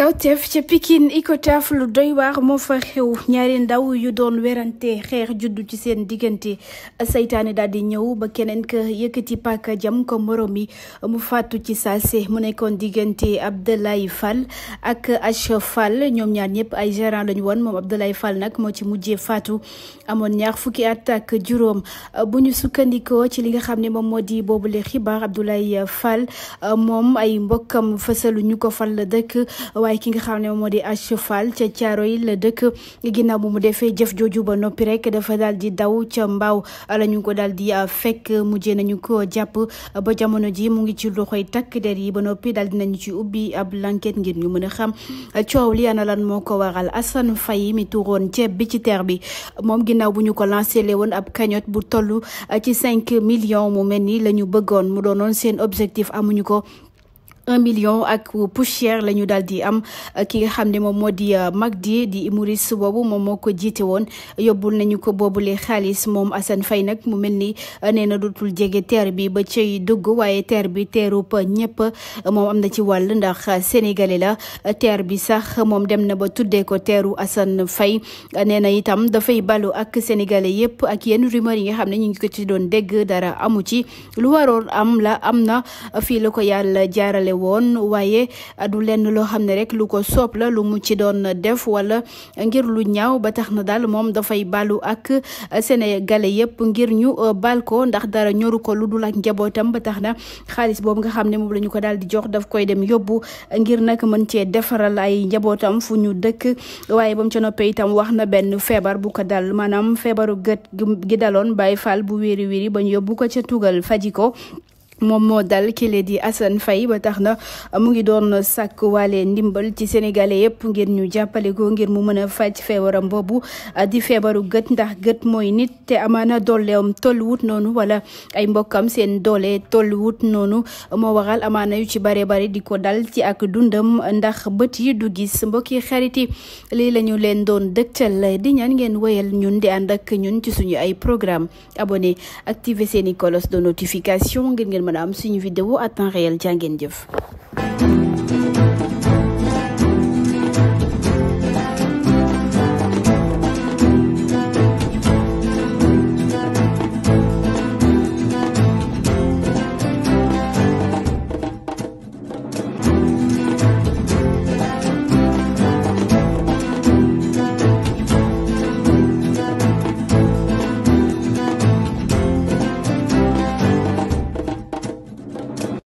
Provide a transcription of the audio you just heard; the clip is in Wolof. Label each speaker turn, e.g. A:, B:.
A: kawteef ca Pikine Icotaf lu doy waar moo fa xew ñaari ndaw yu doon werante xeex juddu ci seen diggante seytaane daal di ñëw ba keneen kë yëkkati paaka jam ko morom yi mu faatu ci saase mu nekkoon diggante Abdoulaye Fall ak H Fall ñoom ñaar ñëpp ay gérant lañu woon moom Abdoulaye Fall nag moo ci mujjee faatu amoon ñaar fukki at ak juróom bu ñu sukkandikoo ci li nga xam ne moom moo di boobule xibaar Abdoulaye Fall moom ay mbokkam fësalu ñu ko fal dëkk. waaye ki nga xam ne moo di Aïcha Fall ca caaro yi la dëkk ginnaaw bu mu defee jëf jooju ba noppi rek dafa daal di daw ca mbaaw la ñu ko daal di ah, fekk mujjee nañu ko jàpp ba jamono ji mu ngi ci loxoy takk der yi ba noppi daal dinañu ci ubbi ab enquête ngir ñu mën a xam ah, coow li ana lan moo ko waral Assane Faye mi tuuroon ceeb bi ci teer bi moom ginnaaw bu ñu ko lancé le woon ab cagnotte bu toll ah, ci cinq millions mu mel ni la ñu bëggoon mu doonoon seen objectif amuñu ko un million ak poussière la ñu daal di am ki nga xam ne moom moo di euh, Magdi di humoriste boobu moom moo ko jiite woon yóbbul nañu ko boobule xaalis moom Assane Faye nag mu mel ni euh, nee na dootul jege teer bi ba cay dugg waaye teer bi teerub ñëpp moom am na ci wàll ndax sénégalais la teer bi sax moom dem na ba tuddee ko teeru Assane Faye nee na itam dafay balo ak sénégalais yëpp ak yenn rumeur yi nga xam ne ñu ngi ko ci doon dégg dara amu ci lu waroon am la am na fii la ko yàlla jàppale woon waaye adu lenn loo xam ne rek lu ko soob la lu mu ci doon na def wala ngir lu ñaaw ba tax na daal moom dafay balu ak sénégalais yëpp ngir ñu euh, bal ko ndax dara ñoru ko lu dul ak njabootam ba tax na xaalis boobu nga xam ne moom la ñu ko daal di jox daf koy dem yóbbu ngir nag mën cee defaral ay njabootam fu ñu dëkk waaye ba ca noppee itam wax na benn feebar bu ko dal maanaam feebaru gët gi daloon Baye Fall bu wéri wéri bañ ñu yóbbu ko ca tugal faji ko moom moo dal ki lee di Assane fay ba tax na mu ngi doon sàkk waale ndimbal ci sénégalais yëpp ngir ñu jàppale ko ngir mu mën a faj feebaram boobu ah, di feebaru gët ndax gët mooy nit te amaana dooleem tolluwut noonu wala ay mbokkam seen doole tolluwut noonu moo waxal amaana yu ci bare bare di ko dal ci ak dundam ndax bët yi du gis mbokki xarit yi lii la ñu leen doon dëgtal di ñaan ngeen wéyal ñun di ànd ak ñun ci suñu ay programme abonné activer seeni cloche de mën a am suñu vidéo à réel jaa ngeen